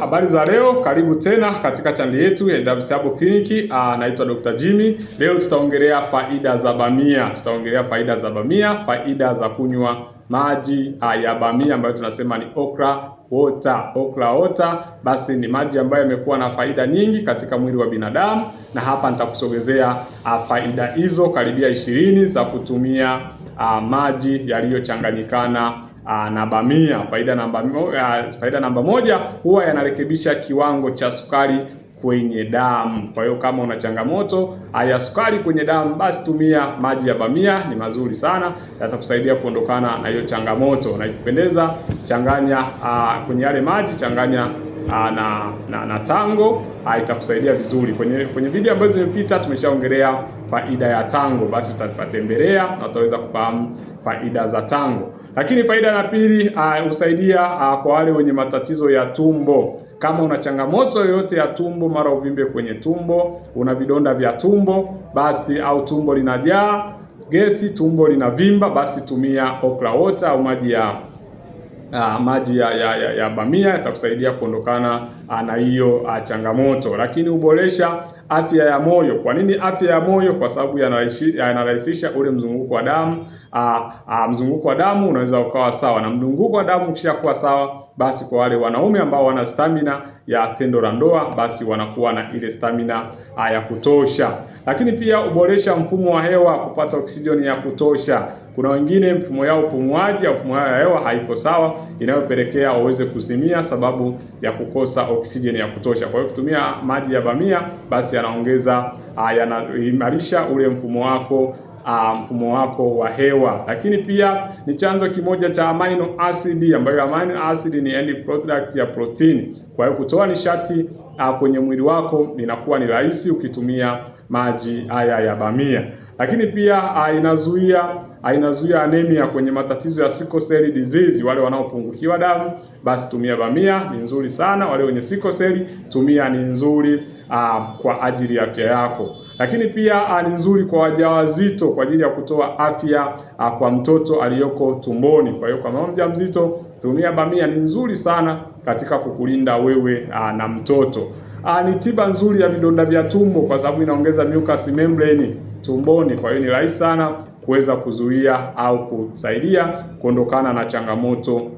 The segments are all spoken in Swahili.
Habari za leo, karibu tena katika chaneli yetu ya Dapsabo Clinic. Ah, naitwa Dr. Jimmy. Leo tutaongelea faida za bamia, tutaongelea faida za bamia, faida za kunywa maji ah, ya bamia ambayo tunasema ni okra water, okra water. Basi ni maji ambayo yamekuwa na faida nyingi katika mwili wa binadamu, na hapa nitakusogezea ah, faida hizo karibia ishirini za kutumia maji yaliyochanganyikana Ah, namba mia. Faida namba uh, faida namba moja, huwa yanarekebisha kiwango cha sukari kwenye damu. Kwa hiyo kama una changamoto ah, ya sukari kwenye damu, basi tumia maji ya bamia, ni mazuri sana, yatakusaidia kuondokana na hiyo changamoto. Na ikipendeza changanya uh, kwenye yale maji changanya Aa, na, na, na tango itakusaidia vizuri. Kwenye kwenye video ambazo zimepita tumeshaongelea faida ya tango, basi utatembelea na utaweza kufahamu faida za tango. Lakini faida ya pili ah, husaidia uh, uh, kwa wale wenye matatizo ya tumbo. Kama una changamoto yoyote ya tumbo, mara uvimbe kwenye tumbo, una vidonda vya tumbo, basi au tumbo linajaa gesi, tumbo linavimba, basi tumia okra water au maji ya Uh, maji ya, ya, ya, ya bamia yatakusaidia kuondokana uh, na hiyo uh, changamoto. Lakini huboresha afya ya moyo. Kwa nini afya ya moyo? Kwa sababu yanarahisisha ule mzunguko wa damu Ah, ah, mzunguko wa damu unaweza ukawa sawa, na mzunguko wa damu kuwa sawa, basi kwa wale wanaume ambao wana stamina ya tendo la ndoa, basi wanakuwa na ile stamina ah, ya kutosha. Lakini pia uboresha mfumo wa hewa kupata oksijeni ya kutosha. Kuna wengine mfumo yao upumuaji au mfumo yao ya hewa haiko sawa, inayopelekea waweze kuzimia sababu ya kukosa oksijeni ya kutosha. Kwa hiyo kutumia maji ya bamia basi yanaongeza, yanaimarisha ule mfumo wako Ah, mfumo wako wa hewa, lakini pia ni chanzo kimoja cha amino acid, ambayo amino acid ni end product ya protini. Kwa hiyo kutoa nishati ah, kwenye mwili wako inakuwa ni rahisi ukitumia maji haya ya bamia, lakini pia uh, inazuia inazuia anemia kwenye matatizo ya sickle cell disease. Wale wanaopungukiwa damu, basi tumia bamia ni nzuri sana. Wale wenye sickle cell, tumia ni nzuri uh, kwa ajili ya afya yako, lakini pia uh, ni nzuri kwa wajawazito kwa ajili ya kutoa afya uh, kwa mtoto aliyoko tumboni. Kwa hiyo kwa mama mjamzito, tumia bamia, ni nzuri sana katika kukulinda wewe uh, na mtoto. Uh, ni tiba nzuri ya vidonda vya tumbo kwa sababu inaongeza mucus membrane tumboni, kwa hiyo ni rahisi sana kuweza kuzuia au kusaidia kuondokana na changamoto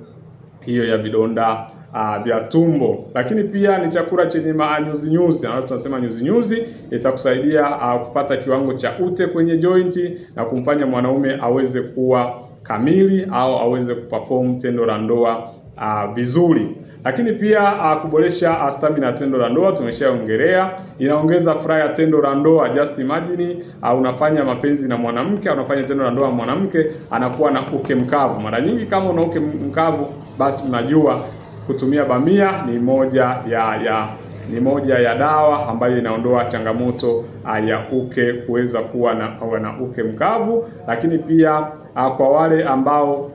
hiyo ya vidonda uh, vya tumbo, lakini pia ni chakula chenye nyuzi nyuzi, na tunasema nyuzi nyuzi itakusaidia uh, kupata kiwango cha ute kwenye jointi na kumfanya mwanaume aweze kuwa kamili au aweze kuperform tendo la ndoa uh, vizuri lakini pia uh, kuboresha uh, stamina ya tendo la ndoa tumeshaongelea. Inaongeza furaha ya tendo la ndoa. Just imagine uh, unafanya mapenzi na mwanamke, unafanya tendo la ndoa mwanamke, anakuwa na uke mkavu. Mara nyingi kama una uke mkavu, basi unajua kutumia bamia ni moja ya, ya ni moja ya dawa ambayo inaondoa changamoto ah, ya uke kuweza kuwa na, na uke mkavu, lakini pia ah, kwa wale ambao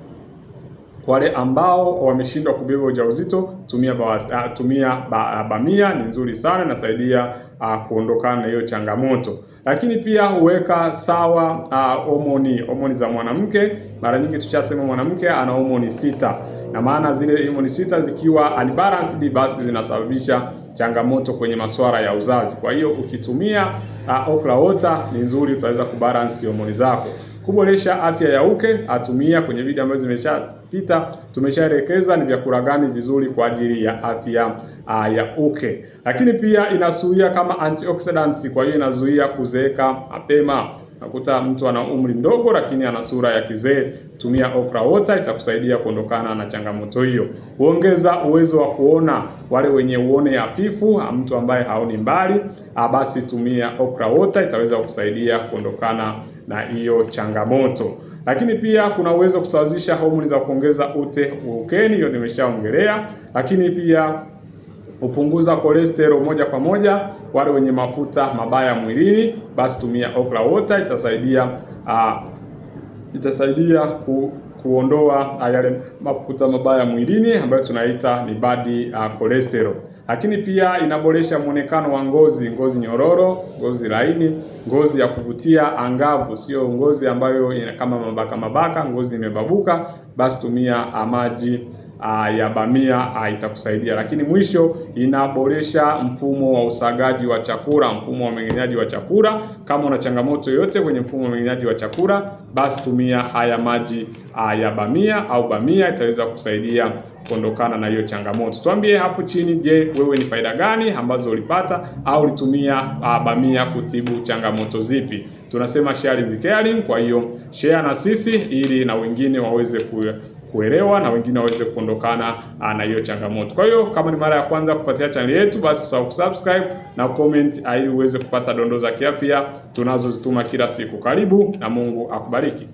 wale ambao wameshindwa kubeba ujauzito, tumia bawasi, uh, tumia ba, ah, bamia ni nzuri sana, inasaidia uh, kuondokana na hiyo changamoto. Lakini pia huweka sawa ah, homoni uh, homoni za mwanamke. Mara nyingi tushasema mwanamke ana homoni sita na maana zile homoni sita zikiwa unbalanced, basi zinasababisha changamoto kwenye masuala ya uzazi. Kwa hiyo ukitumia uh, okra water ni nzuri, utaweza kubalance homoni zako. Kuboresha afya ya uke, atumia kwenye video ambazo zimesha vilivyopita tumeshaelekeza ni vyakula gani vizuri kwa ajili ya afya uh, ya uke, lakini pia inasuia kama antioxidants, kwa hiyo inazuia kuzeeka mapema. Nakuta mtu ana umri mdogo lakini ana sura ya kizee. Tumia okra water itakusaidia kuondokana na changamoto hiyo. Huongeza uwezo wa kuona, wale wenye uone hafifu, ah, mtu ambaye haoni mbali, ah, basi tumia okra water itaweza kukusaidia kuondokana na hiyo changamoto. Lakini pia kuna uwezo wa kusawazisha homoni za kuongeza ute ukeni, hiyo nimeshaongelea. Lakini pia hupunguza kolesterol moja kwa moja. Wale wenye mafuta mabaya mwilini, basi tumia okra water, itasaidia uh, itasaidia ku kuondoa ah, yale mafuta mabaya mwilini ambayo tunaita ni bad ah, cholesterol lakini pia inaboresha mwonekano wa ngozi, ngozi nyororo, ngozi laini, ngozi ya kuvutia angavu, sio ngozi ambayo kama mabaka mabaka, ngozi imebabuka. Basi tumia ah, maji uh, ya bamia uh, itakusaidia. Lakini mwisho inaboresha mfumo wa usagaji wa chakula, mfumo wa mmeng'enyaji wa chakula. Kama una changamoto yoyote kwenye mfumo wa mmeng'enyaji wa chakula, basi tumia haya maji uh, ya bamia au bamia, itaweza kusaidia kuondokana na hiyo changamoto. Tuambie hapo chini, je, wewe ni faida gani ambazo ulipata au ulitumia uh, bamia kutibu changamoto zipi? Tunasema sharing is caring, kwa hiyo share na sisi ili na wengine waweze ku kuelewa na wengine waweze kuondokana ah, na hiyo changamoto. Kwa hiyo kama ni mara ya kwanza kupatia chaneli yetu, basi usahau kusubscribe na comment ili uweze kupata dondoo za kiafya tunazozituma kila siku. Karibu na Mungu akubariki.